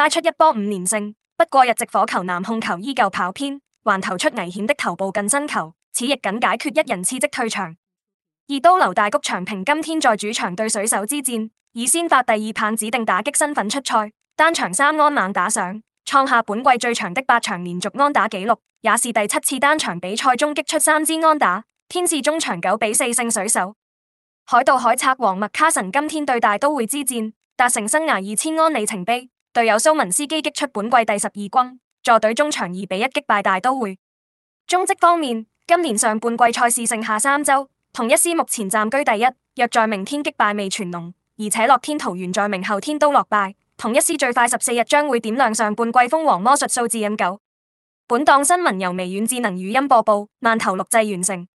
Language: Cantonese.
拉出一波五連勝，不過日籍火球南控球依舊跑偏，還投出危險的頭部近身球，此役僅解決一人次即退場。二刀流大谷翔平今天在主場對水手之戰，以先發第二棒指定打擊身份出賽，單場三安猛打上，創下本季最長的八場連續安打紀錄，也是第七次單場比賽中擊出三支安打。天使中場九比四勝水手，海盜海賊王麥卡臣今天對大都會之戰，達成生涯二千安里程碑。隊友蘇文斯基擊出本季第十二轟，助隊終場二比一擊敗大都會。中職方面，今年上半季賽事剩下三周，同一師目前暫居第一，若在明天擊敗未全龍，而且樂天桃園在明後天都落敗，同一師最快十四日將會點亮上半季封王魔術數字 M9。本檔新聞由微軟智能語音播報，慢頭錄製完成。